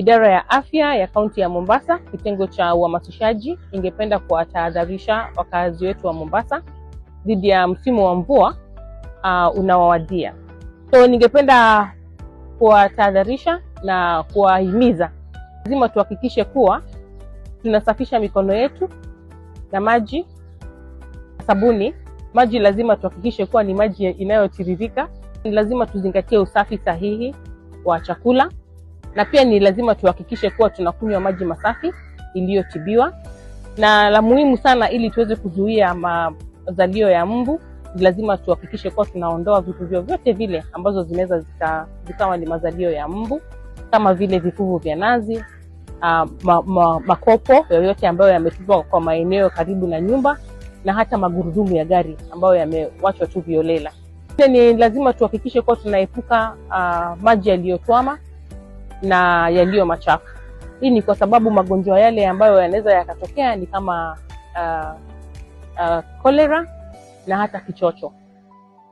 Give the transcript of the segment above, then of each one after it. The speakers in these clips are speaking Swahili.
Idara ya afya ya kaunti ya Mombasa, kitengo cha uhamasishaji, ingependa kuwatahadharisha wakazi wetu wa Mombasa dhidi ya msimu wa mvua uh, unaowadia. So ningependa kuwatahadharisha na kuwahimiza, lazima tuhakikishe kuwa tunasafisha mikono yetu na maji sabuni. Maji lazima tuhakikishe kuwa ni maji inayotiririka. Ni lazima tuzingatie usafi sahihi wa chakula na pia ni lazima tuhakikishe kuwa tunakunywa maji masafi iliyotibiwa, na la muhimu sana, ili tuweze kuzuia mazalio ya mbu, ni lazima tuhakikishe kuwa tunaondoa vitu vyovyote vile ambazo zinaweza zikawa ni mazalio ya mbu kama vile vifuvu vya nazi, uh, ma, ma, makopo yoyote ambayo yametupwa kwa maeneo karibu na nyumba na hata magurudumu ya gari ambayo yamewachwa tu violela. Ni lazima tuhakikishe kuwa tunaepuka uh, maji yaliyotwama na yaliyo machafu. Hii ni kwa sababu magonjwa yale ambayo yanaweza yakatokea ni kama kolera ah, ah, uh, uh, na hata kichocho.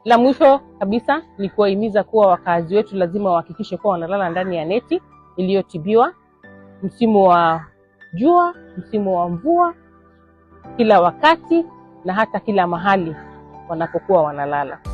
La mwisho kabisa ni kuwahimiza kuwa wakazi wetu lazima wahakikishe kuwa wanalala ndani ya neti iliyotibiwa msimu wa jua, msimu wa mvua, kila wakati na hata kila mahali wanapokuwa wanalala.